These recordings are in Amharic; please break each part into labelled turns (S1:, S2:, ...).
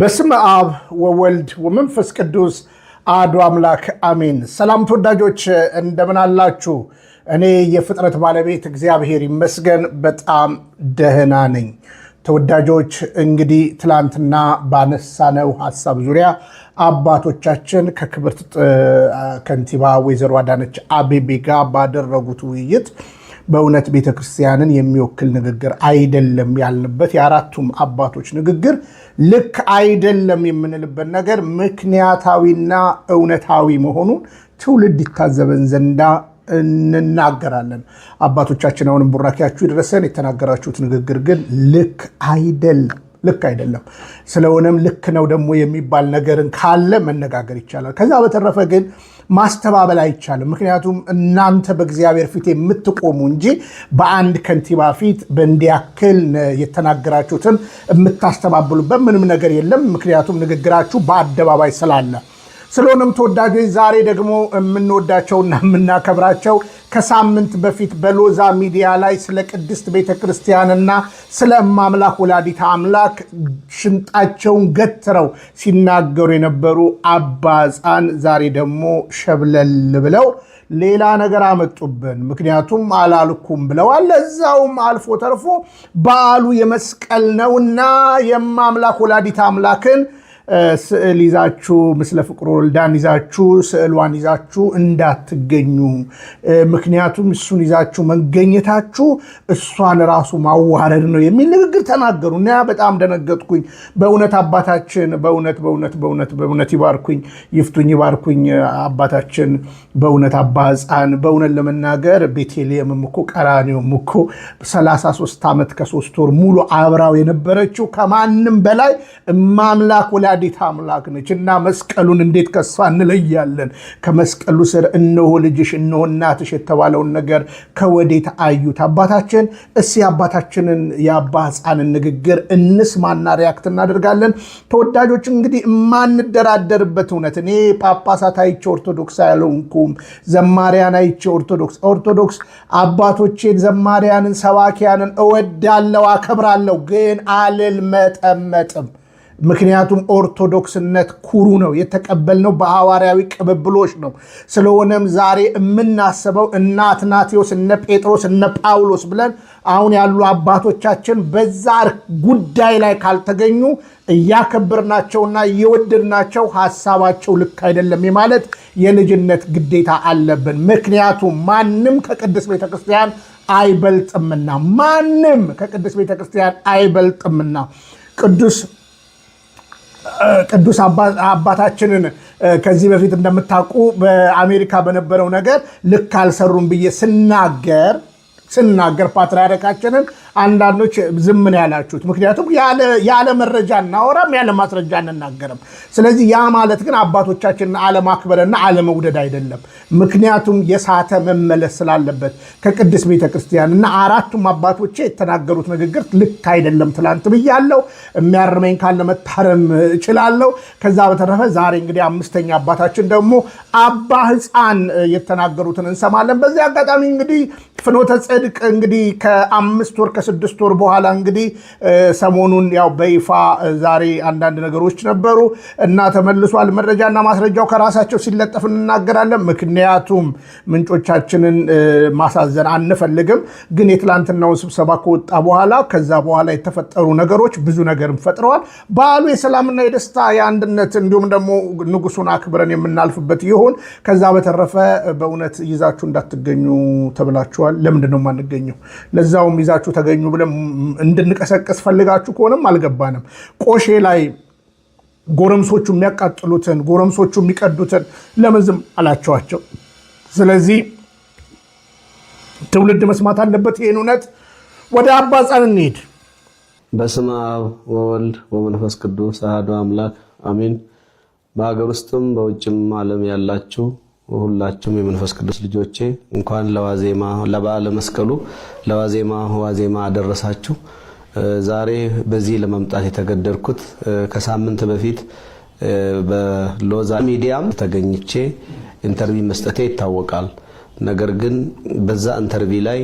S1: በስመ አብ ወወልድ ወመንፈስ ቅዱስ አሐዱ አምላክ አሜን። ሰላም ተወዳጆች እንደምን አላችሁ? እኔ የፍጥረት ባለቤት እግዚአብሔር ይመስገን በጣም ደህና ነኝ። ተወዳጆች እንግዲህ ትላንትና ባነሳነው ሀሳብ ዙሪያ አባቶቻችን ከክብርት ከንቲባ ወይዘሮ አዳነች አቤቤ ጋር ባደረጉት ውይይት በእውነት ቤተ ክርስቲያንን የሚወክል ንግግር አይደለም ያልንበት የአራቱም አባቶች ንግግር ልክ አይደለም የምንልበት ነገር ምክንያታዊና እውነታዊ መሆኑን ትውልድ ይታዘበን ዘንዳ እንናገራለን። አባቶቻችን አሁንም ቡራኪያችሁ ይድረሰን። የተናገራችሁት ንግግር ግን ልክ አይደለም። ልክ አይደለም። ስለሆነም ልክ ነው ደግሞ የሚባል ነገርን ካለ መነጋገር ይቻላል። ከዛ በተረፈ ግን ማስተባበል አይቻልም። ምክንያቱም እናንተ በእግዚአብሔር ፊት የምትቆሙ እንጂ በአንድ ከንቲባ ፊት በእንዲያክል የተናገራችሁትን የምታስተባብሉበት ምንም ነገር የለም። ምክንያቱም ንግግራችሁ በአደባባይ ስላለ ስለሆነም ተወዳጆች ዛሬ ደግሞ የምንወዳቸውና የምናከብራቸው ከሳምንት በፊት በሎዛ ሚዲያ ላይ ስለ ቅድስት ቤተ ክርስቲያንና ስለ እማምላክ ወላዲት አምላክ ሽንጣቸውን ገትረው ሲናገሩ የነበሩ አባፃን ዛሬ ደግሞ ሸብለል ብለው ሌላ ነገር አመጡብን። ምክንያቱም አላልኩም ብለዋል። ለዛውም አልፎ ተርፎ በዓሉ የመስቀል ነውና የማምላክ ወላዲት አምላክን ስዕል ይዛችሁ ምስለ ፍቁር ወልዳን ይዛችሁ ስዕሏን ይዛችሁ እንዳትገኙ። ምክንያቱም እሱን ይዛችሁ መገኘታችሁ እሷን ራሱ ማዋረድ ነው የሚል ንግግር ተናገሩ እና በጣም ደነገጥኩኝ። በእውነት አባታችን በእውነት በእውነት በእውነት በእውነት ይባርኩኝ፣ ይፍቱኝ፣ ይባርኩኝ አባታችን በእውነት አባ ሕፃን በእውነት ለመናገር ቤተልሔምም እኮ ቀራኔውም እኮ 33 ዓመት ከሶስት ወር ሙሉ አብራው የነበረችው ከማንም በላይ እማምላክ ወላ ወላዲት አምላክ ነች እና መስቀሉን እንዴት ከሷ እንለያለን? ከመስቀሉ ስር እነሆ ልጅሽ እነሆ እናትሽ የተባለውን ነገር ከወዴት አዩት? አባታችን እስ የአባታችንን የአባ ሕፃንን ንግግር እንስማና ሪያክት እናደርጋለን። ተወዳጆች እንግዲህ የማንደራደርበት እውነት እኔ ጳጳሳት አይቼ ኦርቶዶክስ አያለንኩም። ዘማሪያን አይቼ ኦርቶዶክስ ኦርቶዶክስ አባቶቼን ዘማሪያንን ሰባኪያንን እወዳለው አከብራለሁ፣ ግን አልልመጠመጥም። ምክንያቱም ኦርቶዶክስነት ኩሩ ነው፣ የተቀበልነው በሐዋርያዊ ቅብብሎች ነው። ስለሆነም ዛሬ የምናስበው እነ አትናቴዎስ፣ እነ ጴጥሮስ፣ እነ ጳውሎስ ብለን አሁን ያሉ አባቶቻችን በዛ ጉዳይ ላይ ካልተገኙ እያከበርናቸውና እየወደድናቸው ሀሳባቸው ልክ አይደለም የማለት የልጅነት ግዴታ አለብን። ምክንያቱም ማንም ከቅድስት ቤተክርስቲያን አይበልጥምና ማንም ከቅድስት ቤተክርስቲያን አይበልጥምና ቅዱስ ቅዱስ አባታችንን ከዚህ በፊት እንደምታውቁ በአሜሪካ በነበረው ነገር ልክ አልሰሩም ብዬ ስናገር ስናገር ፓትርያርካችንን አንዳንዶች ዝምን ያላችሁት። ምክንያቱም ያለ መረጃ እናወራም፣ ያለ ማስረጃ እንናገርም። ስለዚህ ያ ማለት ግን አባቶቻችንን አለማክበርና አለመውደድ አይደለም። ምክንያቱም የሳተ መመለስ ስላለበት ከቅድስት ቤተ ክርስቲያን እና አራቱም አባቶቼ የተናገሩት ንግግር ልክ አይደለም። ትላንት ብያለው። የሚያርመኝ ካለ መታረም እችላለሁ። ከዛ በተረፈ ዛሬ እንግዲህ አምስተኛ አባታችን ደግሞ አባ ሕፃን የተናገሩትን እንሰማለን። በዚህ አጋጣሚ እንግዲህ ፍኖተ ጽድቅ እንግዲህ ከአምስት ወር ከስድስት ወር በኋላ እንግዲህ ሰሞኑን ያው በይፋ ዛሬ አንዳንድ ነገሮች ነበሩ እና ተመልሷል። መረጃና ማስረጃው ከራሳቸው ሲለጠፍ እንናገራለን። ምክንያቱም ምንጮቻችንን ማሳዘን አንፈልግም። ግን የትላንትናውን ስብሰባ ከወጣ በኋላ ከዛ በኋላ የተፈጠሩ ነገሮች ብዙ ነገርም ፈጥረዋል። በዓሉ የሰላምና የደስታ የአንድነት እንዲሁም ደግሞ ንጉሱን አክብረን የምናልፍበት ይሁን። ከዛ በተረፈ በእውነት ይዛችሁ እንዳትገኙ ተብላችኋል። ለምንድነው የማንገኘው? ለዛውም ይዛችሁ ተገ ተገኙ ብለን እንድንቀሰቀስ ፈልጋችሁ ከሆነም አልገባንም። ቆሼ ላይ ጎረምሶቹ የሚያቃጥሉትን ጎረምሶቹ የሚቀዱትን ለምን ዝም አላቸዋቸው? ስለዚህ ትውልድ መስማት አለበት ይህን እውነት። ወደ አባ ጻን እንሄድ
S2: በስመ አብ ወወልድ ወመንፈስ ቅዱስ አሐዱ አምላክ አሜን። በሀገር ውስጥም በውጭም ዓለም ያላችሁ ሁላችሁም የመንፈስ ቅዱስ ልጆቼ እንኳን ለዋዜማ ለበዓለ መስቀሉ ለዋዜማ ዋዜማ አደረሳችሁ። ዛሬ በዚህ ለመምጣት የተገደድኩት ከሳምንት በፊት በሎዛ ሚዲያም ተገኝቼ ኢንተርቪ መስጠቴ ይታወቃል። ነገር ግን በዛ ኢንተርቪ ላይ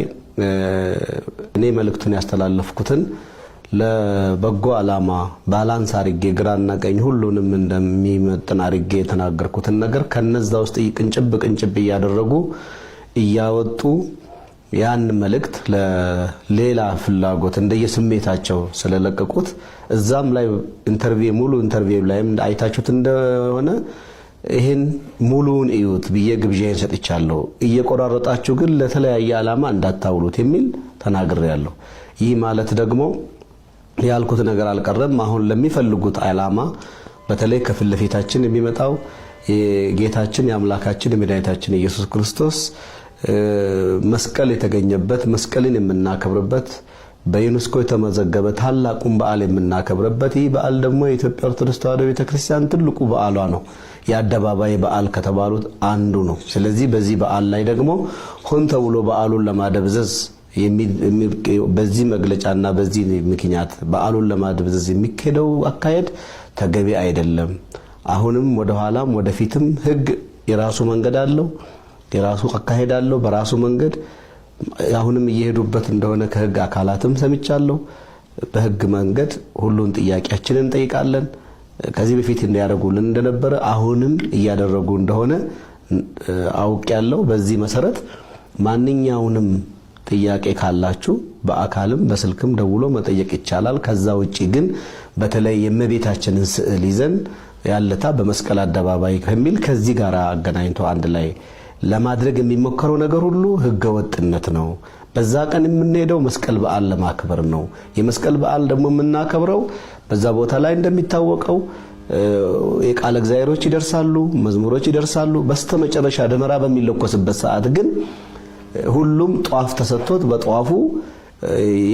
S2: እኔ መልእክቱን ያስተላለፍኩትን ለበጎ አላማ ባላንስ አርጌ ግራና ቀኝ ሁሉንም እንደሚመጥን አርጌ የተናገርኩትን ነገር ከነዛ ውስጥ ቅንጭብ ቅንጭብ እያደረጉ እያወጡ ያን መልእክት ለሌላ ፍላጎት እንደየስሜታቸው ስለለቀቁት እዛም ላይ ኢንተርቪው ሙሉ ኢንተርቪው ላይም አይታችሁት እንደሆነ ይህን ሙሉውን እዩት ብዬ ግብዣዬን ሰጥቻለሁ። እየቆራረጣችሁ ግን ለተለያየ ዓላማ እንዳታውሉት የሚል ተናግሬያለሁ። ይህ ማለት ደግሞ ያልኩት ነገር አልቀረም። አሁን ለሚፈልጉት ዓላማ በተለይ ከፊት ለፊታችን የሚመጣው የጌታችን የአምላካችን የመድኃኒታችን ኢየሱስ ክርስቶስ መስቀል የተገኘበት መስቀልን የምናከብርበት በዩኔስኮ የተመዘገበ ታላቁን በዓል የምናከብርበት ይህ በዓል ደግሞ የኢትዮጵያ ኦርቶዶክስ ተዋሕዶ ቤተክርስቲያን ትልቁ በዓሏ ነው። የአደባባይ በዓል ከተባሉት አንዱ ነው። ስለዚህ በዚህ በዓል ላይ ደግሞ ሆን ተብሎ በዓሉን ለማደብዘዝ በዚህ መግለጫና በዚህ ምክንያት በዓሉን ለማድበዘዝ የሚካሄደው አካሄድ ተገቢ አይደለም። አሁንም ወደኋላም ወደፊትም ህግ የራሱ መንገድ አለው፣ የራሱ አካሄድ አለው። በራሱ መንገድ አሁንም እየሄዱበት እንደሆነ ከህግ አካላትም ሰምቻለሁ። በህግ መንገድ ሁሉን ጥያቄያችንን እንጠይቃለን። ከዚህ በፊት እንዲያደርጉልን እንደነበረ አሁንም እያደረጉ እንደሆነ አውቅ ያለው በዚህ መሰረት ማንኛውንም ጥያቄ ካላችሁ በአካልም በስልክም ደውሎ መጠየቅ ይቻላል። ከዛ ውጪ ግን በተለይ የእመቤታችንን ስዕል ይዘን ያለታ በመስቀል አደባባይ ከሚል ከዚህ ጋር አገናኝቶ አንድ ላይ ለማድረግ የሚሞከረው ነገር ሁሉ ህገወጥነት ወጥነት ነው። በዛ ቀን የምንሄደው መስቀል በዓል ለማክበር ነው። የመስቀል በዓል ደግሞ የምናከብረው በዛ ቦታ ላይ እንደሚታወቀው የቃለ እግዚአብሔሮች ይደርሳሉ፣ መዝሙሮች ይደርሳሉ። በስተመጨረሻ ደመራ በሚለኮስበት ሰዓት ግን ሁሉም ጧፍ ተሰጥቶት በጧፉ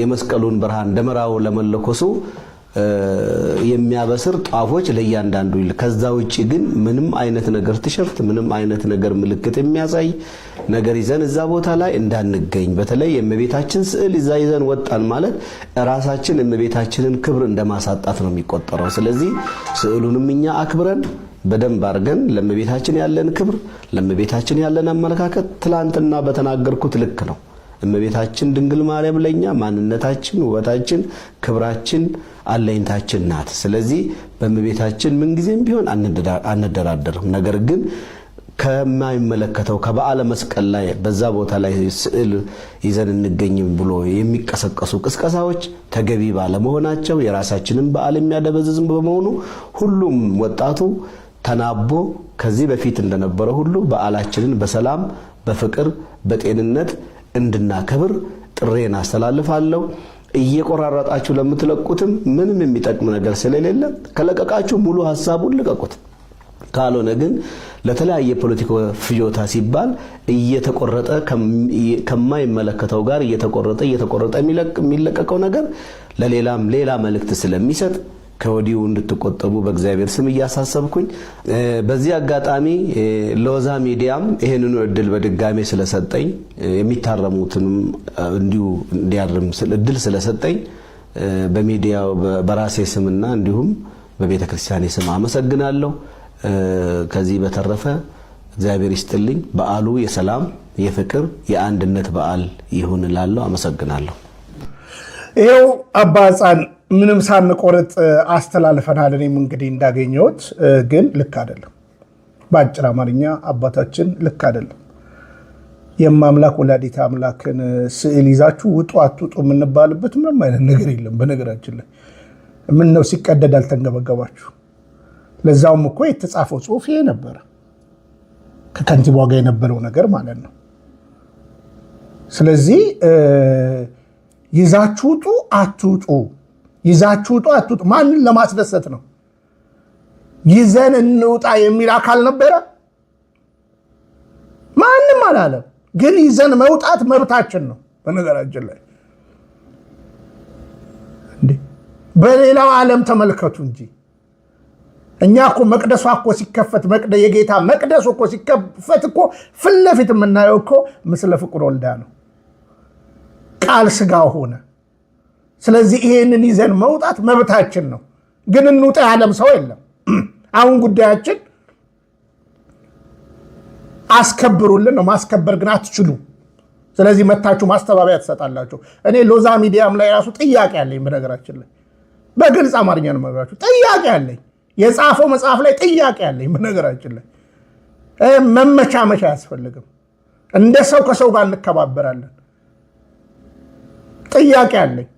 S2: የመስቀሉን ብርሃን ደመራው ለመለኮሱ የሚያበስር ጧፎች ለእያንዳንዱ ይል። ከዛ ውጭ ግን ምንም አይነት ነገር ቲሸርት፣ ምንም አይነት ነገር ምልክት የሚያሳይ ነገር ይዘን እዛ ቦታ ላይ እንዳንገኝ። በተለይ የእመቤታችን ስዕል ይዛ ይዘን ወጣን ማለት ራሳችን የእመቤታችንን ክብር እንደማሳጣት ነው የሚቆጠረው። ስለዚህ ስዕሉንም እኛ አክብረን በደንብ አድርገን ለእመቤታችን ያለን ክብር፣ ለእመቤታችን ያለን አመለካከት ትላንትና በተናገርኩት ልክ ነው። እመቤታችን ድንግል ማርያም ለኛ ማንነታችን፣ ውበታችን፣ ክብራችን፣ አለኝታችን ናት። ስለዚህ በእመቤታችን ምንጊዜም ቢሆን አንደራደርም። ነገር ግን ከማይመለከተው ከበዓለ መስቀል ላይ በዛ ቦታ ላይ ስዕል ይዘን እንገኝም ብሎ የሚቀሰቀሱ ቅስቀሳዎች ተገቢ ባለመሆናቸው የራሳችንን በዓል የሚያደበዝዝም በመሆኑ ሁሉም ወጣቱ ተናቦ ከዚህ በፊት እንደነበረ ሁሉ በዓላችንን በሰላም በፍቅር በጤንነት እንድናከብር ጥሬን አስተላልፋለሁ። እየቆራረጣችሁ ለምትለቁትም ምንም የሚጠቅም ነገር ስለሌለ ከለቀቃችሁ ሙሉ ሀሳቡን ልቀቁት። ካልሆነ ግን ለተለያየ ፖለቲካ ፍጆታ ሲባል እየተቆረጠ ከማይመለከተው ጋር እየተቆረጠ እየተቆረጠ የሚለቀቀው ነገር ለሌላም ሌላ መልእክት ስለሚሰጥ ከወዲሁ እንድትቆጠቡ በእግዚአብሔር ስም እያሳሰብኩኝ በዚህ አጋጣሚ ሎዛ ሚዲያም ይህንኑ እድል በድጋሜ ስለሰጠኝ የሚታረሙትንም እንዲሁ እንዲያርም እድል ስለሰጠኝ በሚዲያው በራሴ ስምና እንዲሁም በቤተ ክርስቲያኔ ስም አመሰግናለሁ። ከዚህ በተረፈ እግዚአብሔር ይስጥልኝ። በዓሉ የሰላም የፍቅር፣ የአንድነት በዓል ይሁን እላለሁ። አመሰግናለሁ።
S1: ይኸው አባ ሕፃን ምንም ሳንቆርጥ አስተላልፈናል። እኔም እንግዲህ እንዳገኘሁት ግን ልክ አይደለም። በአጭር አማርኛ አባታችን ልክ አይደለም። የማምላክ ወላዲተ አምላክን ስዕል ይዛችሁ ውጡ አትውጡ የምንባልበት ምንም አይነት ነገር የለም። በነገራችን ላይ ምን ነው ሲቀደድ አልተንገበገባችሁ። ለዛውም እኮ የተጻፈው ጽሁፍ ይሄ ነበረ፣ ከከንቲባ ጋር የነበረው ነገር ማለት ነው። ስለዚህ ይዛችሁ ውጡ አትውጡ ይዛችሁ ውጡ አትጡ። ማንን ለማስደሰት ነው ይዘን እንውጣ የሚል አካል ነበረ? ማንም አላለም። ግን ይዘን መውጣት መብታችን ነው። በነገራችን ላይ በሌላው ዓለም ተመልከቱ እንጂ እኛ እኮ መቅደሷ እኮ ሲከፈት የጌታ መቅደሱ እኮ ሲከፈት እኮ ፊት ለፊት የምናየው እኮ ምስለ ፍቁር ወልዳ ነው። ቃል ስጋ ሆነ። ስለዚህ ይሄንን ይዘን መውጣት መብታችን ነው። ግን እንውጣ ያለም ሰው የለም። አሁን ጉዳያችን አስከብሩልን ነው። ማስከበር ግን አትችሉ። ስለዚህ መታችሁ ማስተባበያ ትሰጣላችሁ። እኔ ሎዛ ሚዲያም ላይ ራሱ ጥያቄ አለኝ። በነገራችን ላይ በግልጽ አማርኛ ነው መግራችሁ ጥያቄ አለኝ። የጻፈው መጽሐፍ ላይ ጥያቄ አለኝ። በነገራችን ላይ መመቻመቻ አያስፈልግም። እንደ ሰው ከሰው ጋር እንከባበራለን። ጥያቄ አለኝ።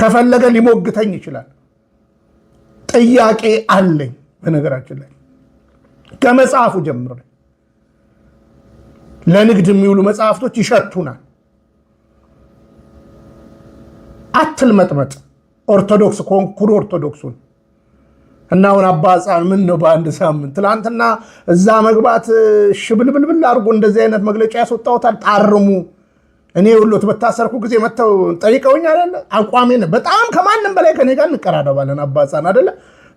S1: ከፈለገ ሊሞግተኝ ይችላል። ጥያቄ አለኝ። በነገራችን ላይ ከመጽሐፉ ጀምሮ ለንግድ የሚውሉ መጽሐፍቶች ይሸቱናል። አትልመጥመጥ። ኦርቶዶክስ ኮንኩር ኦርቶዶክሱን እና አሁን አባፃን ምን ነው በአንድ ሳምንት ትላንትና እዛ መግባት ሽብልብልብል አድርጎ እንደዚህ አይነት መግለጫ ያስወጣውታል። ጣርሙ እኔ ወሎት በታሰርኩ ጊዜ መጥተው ጠይቀውኝ አለ አቋሜ በጣም ከማንም በላይ ከኔ ጋር እንቀራረባለን። አባፃን አደለ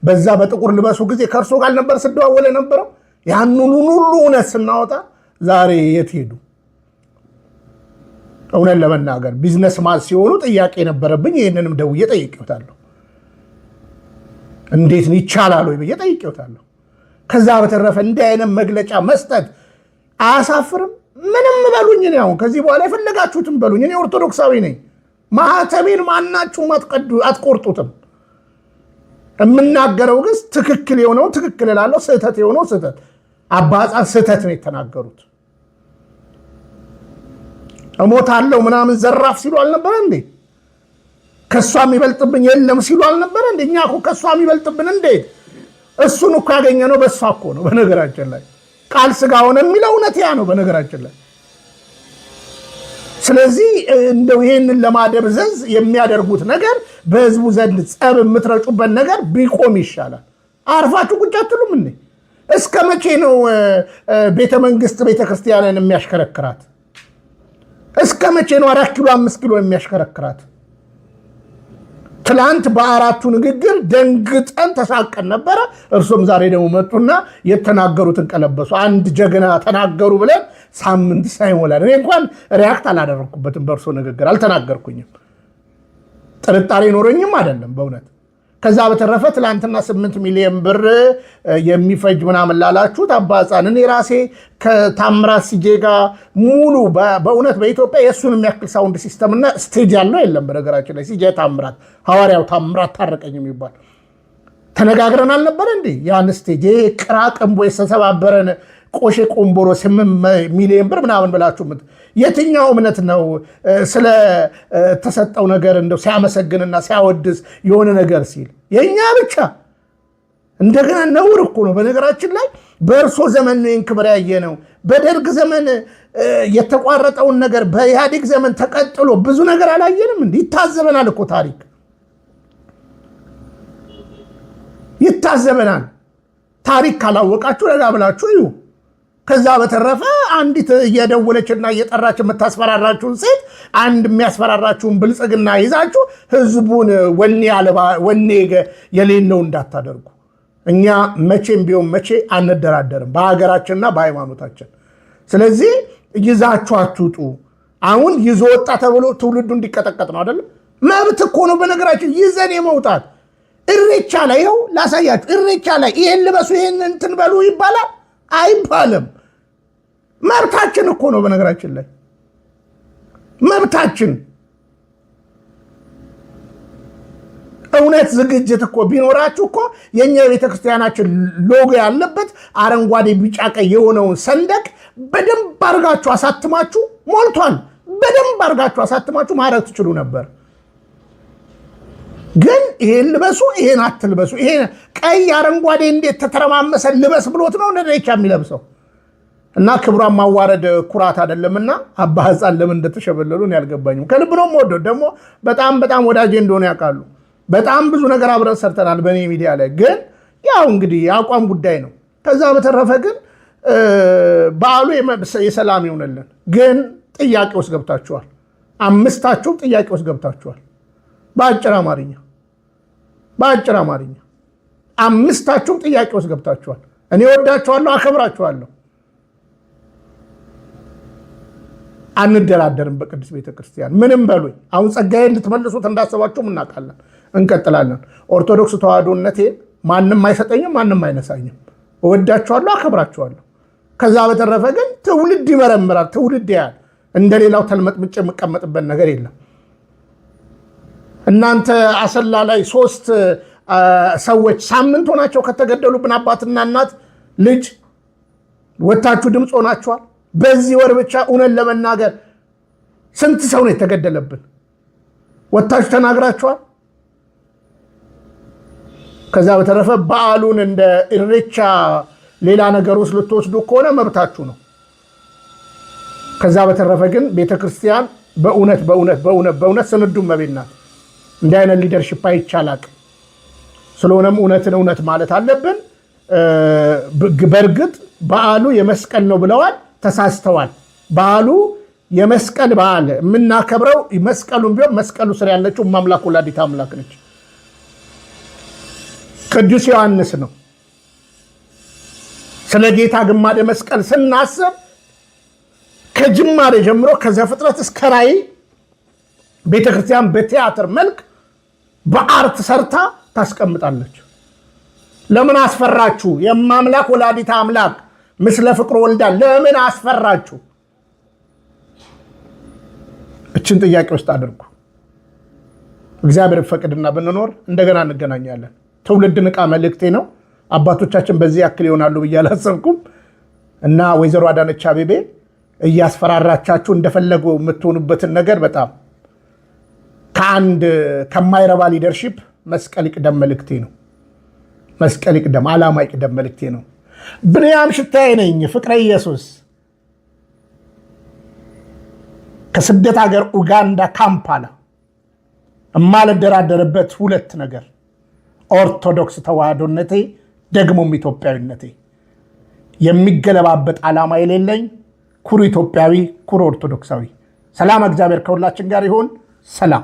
S1: በዛ በጥቁር ልበሱ ጊዜ ከእርሶ ጋር ነበር ስደዋወል የነበረው። ያንኑ ሁሉ እውነት ስናወጣ ዛሬ የት ሄዱ? እውነት ለመናገር ቢዝነስ ማን ሲሆኑ ጥያቄ ነበረብኝ። ይህንንም ደውዬ ጠይቄዎታለሁ። እንዴት ይቻላል ወይ ብዬ ጠይቄዎታለሁ። ከዛ በተረፈ እንዲህ አይነት መግለጫ መስጠት አያሳፍርም? ምንም በሉኝ። እኔ አሁን ከዚህ በኋላ የፈለጋችሁትም በሉኝ። እኔ ኦርቶዶክሳዊ ነኝ። ማህተቤን ማናችሁም አትቆርጡትም። የምናገረው ግን ትክክል የሆነው ትክክል እላለሁ፣ ስህተት የሆነው ስህተት። አባ ስህተት ነው የተናገሩት። እሞታለሁ ምናምን ዘራፍ ሲሉ አልነበረ እንዴ? ከእሷ የሚበልጥብኝ የለም ሲሉ አልነበረ እንዴ? እኛ እኮ ከእሷ የሚበልጥብን እንዴት? እሱን እኮ ነው በእሷ እኮ ነው በነገራችን ላይ ቃል ስጋ ሆነ የሚለው እውነት ያ ነው በነገራችን ላይ። ስለዚህ እንደው ይህንን ለማደብዘዝ የሚያደርጉት ነገር በህዝቡ ዘንድ ጸብ የምትረጩበት ነገር ቢቆም ይሻላል። አርፋችሁ ቁጭ አትሉም እንዴ? እስከ መቼ ነው ቤተ መንግስት ቤተ ክርስቲያንን የሚያሽከረክራት? እስከ መቼ ነው አራት ኪሎ አምስት ኪሎ የሚያሽከረክራት? ትላንት በአራቱ ንግግር ደንግጠን ተሳቀን ነበረ። እርሶም ዛሬ ደግሞ መጡና የተናገሩትን ቀለበሱ። አንድ ጀግና ተናገሩ ብለን ሳምንት ሳይሞላል እኔ እንኳን ሪያክት አላደረግኩበትም። በእርሶ ንግግር አልተናገርኩኝም። ጥርጣሬ ኖረኝም አይደለም በእውነት ከዛ በተረፈ ትላንትና ስምንት ሚሊዮን ብር የሚፈጅ ምናምን ላላችሁት አባ ሕፃን እኔ ራሴ ከታምራት ስጄ ጋር ሙሉ በእውነት በኢትዮጵያ የእሱን የሚያክል ሳውንድ ሲስተም ሲስተምና ስቴጅ ያለው የለም። በነገራችን ላይ ሲጄ ታምራት ሐዋርያው ታምራት ታረቀኝ የሚባል ተነጋግረን አልነበረ እንዴ? ያን ስቴጅ ይሄ ቅራቅንቦ የተሰባበረን ቆሼ ቆንቦሮ ስምንት ሚሊዮን ብር ምናምን ብላችሁ ምት የትኛው እምነት ነው ስለተሰጠው ነገር እንደው ሲያመሰግንና ሲያወድስ የሆነ ነገር ሲል የእኛ ብቻ እንደገና ነውር እኮ ነው። በነገራችን ላይ በእርሶ ዘመን ነው ይህን ክብር ያየ ነው። በደርግ ዘመን የተቋረጠውን ነገር በኢህአዴግ ዘመን ተቀጥሎ ብዙ ነገር አላየንም። እንዲ ይታዘበናል እኮ ታሪክ ይታዘበናል። ታሪክ ካላወቃችሁ ረጋ ብላችሁ እዩ። ከዛ በተረፈ አንዲት እየደወለችና እየጠራች የምታስፈራራችሁን ሴት አንድ የሚያስፈራራችሁን ብልጽግና ይዛችሁ ህዝቡን ወኔ የሌለው እንዳታደርጉ። እኛ መቼም ቢሆን መቼ አንደራደርም በሀገራችንና በሃይማኖታችን። ስለዚህ ይዛችሁ አትውጡ። አሁን ይዞ ወጣ ተብሎ ትውልዱ እንዲቀጠቀጥ ነው አደለም መብት እኮ ነው። በነገራችን ይዘን የመውጣት እሬቻ ላይ ይኸው ላሳያችሁ። እሬቻ ላይ ይሄን ልበሱ፣ ይሄን እንትን በሉ ይባላል አይባልም። መብታችን እኮ ነው። በነገራችን ላይ መብታችን እውነት ዝግጅት እኮ ቢኖራችሁ እኮ የእኛ የቤተ ክርስቲያናችን ሎጎ ያለበት አረንጓዴ፣ ቢጫ፣ ቀይ የሆነውን ሰንደቅ በደንብ አድርጋችሁ አሳትማችሁ ሞልቷል። በደንብ አድርጋችሁ አሳትማችሁ ማድረግ ትችሉ ነበር። ግን ይሄን ልበሱ፣ ይሄን አትልበሱ፣ ይሄ ቀይ አረንጓዴ እንዴት ተተረማመሰ ልበስ ብሎት ነው እንደደቻ የሚለብሰው እና ክብሯን ማዋረድ ኩራት አይደለምና አባ ሕፃን ለምን እንደተሸበለሉ ያልገባኝም። ከልብ ነው የምወደው። ደግሞ በጣም በጣም ወዳጄ እንደሆነ ያውቃሉ። በጣም ብዙ ነገር አብረን ሰርተናል በእኔ ሚዲያ ላይ። ግን ያው እንግዲህ የአቋም ጉዳይ ነው። ከዛ በተረፈ ግን በዓሉ የሰላም ይሆንልን። ግን ጥያቄ ውስጥ ገብታችኋል። አምስታችሁም ጥያቄ ውስጥ ገብታችኋል በአጭር አማርኛ በአጭር አማርኛ አምስታችሁም ጥያቄ ውስጥ ገብታችኋል። እኔ ወዳችኋለሁ፣ አከብራችኋለሁ። አንደራደርም በቅዱስ ቤተ ክርስቲያን ምንም በሉኝ። አሁን ጸጋዬ እንድትመልሱት እንዳሰባችሁም እናውቃለን። እንቀጥላለን። ኦርቶዶክስ ተዋህዶነቴን ማንም አይሰጠኝም፣ ማንም አይነሳኝም። እወዳችኋለሁ፣ አከብራችኋለሁ። ከዛ በተረፈ ግን ትውልድ ይመረምራል፣ ትውልድ ያያል። እንደሌላው ተልመጥምጭ የምቀመጥበት ነገር የለም። እናንተ አሰላ ላይ ሶስት ሰዎች ሳምንት ሆናቸው ከተገደሉብን አባትና እናት ልጅ ወታችሁ ድምፅ ሆናችኋል። በዚህ ወር ብቻ እውነት ለመናገር ስንት ሰው ነው የተገደለብን? ወታችሁ ተናግራችኋል። ከዛ በተረፈ በዓሉን እንደ እሬቻ ሌላ ነገር ውስጥ ልትወስዱ ከሆነ መብታችሁ ነው። ከዛ በተረፈ ግን ቤተክርስቲያን በእውነት በእውነት በእውነት በእውነት ስንዱ መቤት ናት። እንዲህ አይነት ሊደርሽፕ አይቻላቅ። ስለሆነም እውነትን እውነት ማለት አለብን። በእርግጥ በዓሉ የመስቀል ነው ብለዋል፣ ተሳስተዋል። በዓሉ የመስቀል በዓል የምናከብረው መስቀሉን ቢሆን መስቀሉ ስር ያለችው ማምላክ ወላዲት አምላክ ነች። ቅዱስ ዮሐንስ ነው ስለ ጌታ ግማደ መስቀል ስናስብ ከጅማሬ ጀምሮ ከዘፍጥረት እስከ ራእይ ቤተክርስቲያን በቲያትር መልክ በአርት ሰርታ ታስቀምጣለች። ለምን አስፈራችሁ? የማምላክ ወላዲታ አምላክ ምስለ ፍቅር ወልዳ ለምን አስፈራችሁ? እችን ጥያቄ ውስጥ አድርጉ። እግዚአብሔር ፈቅድና ብንኖር እንደገና እንገናኛለን። ትውልድ ንቃ መልእክቴ ነው። አባቶቻችን በዚህ ያክል ይሆናሉ ብዬ አላሰብኩም እና ወይዘሮ አዳነች አቤቤ እያስፈራራቻችሁ እንደፈለጉ የምትሆኑበትን ነገር በጣም ከአንድ ከማይረባ ሊደርሺፕ መስቀል ይቅደም መልእክቴ ነው። መስቀል ይቅደም፣ ዓላማ ይቅደም መልእክቴ ነው። ብንያም ሽታዬ ነኝ። ፍቅረ ኢየሱስ ከስደት ሀገር ኡጋንዳ ካምፓላ የማልደራደርበት ሁለት ነገር ኦርቶዶክስ ተዋህዶነቴ ደግሞም ኢትዮጵያዊነቴ የሚገለባበት ዓላማ የሌለኝ ኩሩ ኢትዮጵያዊ፣ ኩሩ ኦርቶዶክሳዊ። ሰላም፣ እግዚአብሔር ከሁላችን ጋር ይሁን። ሰላም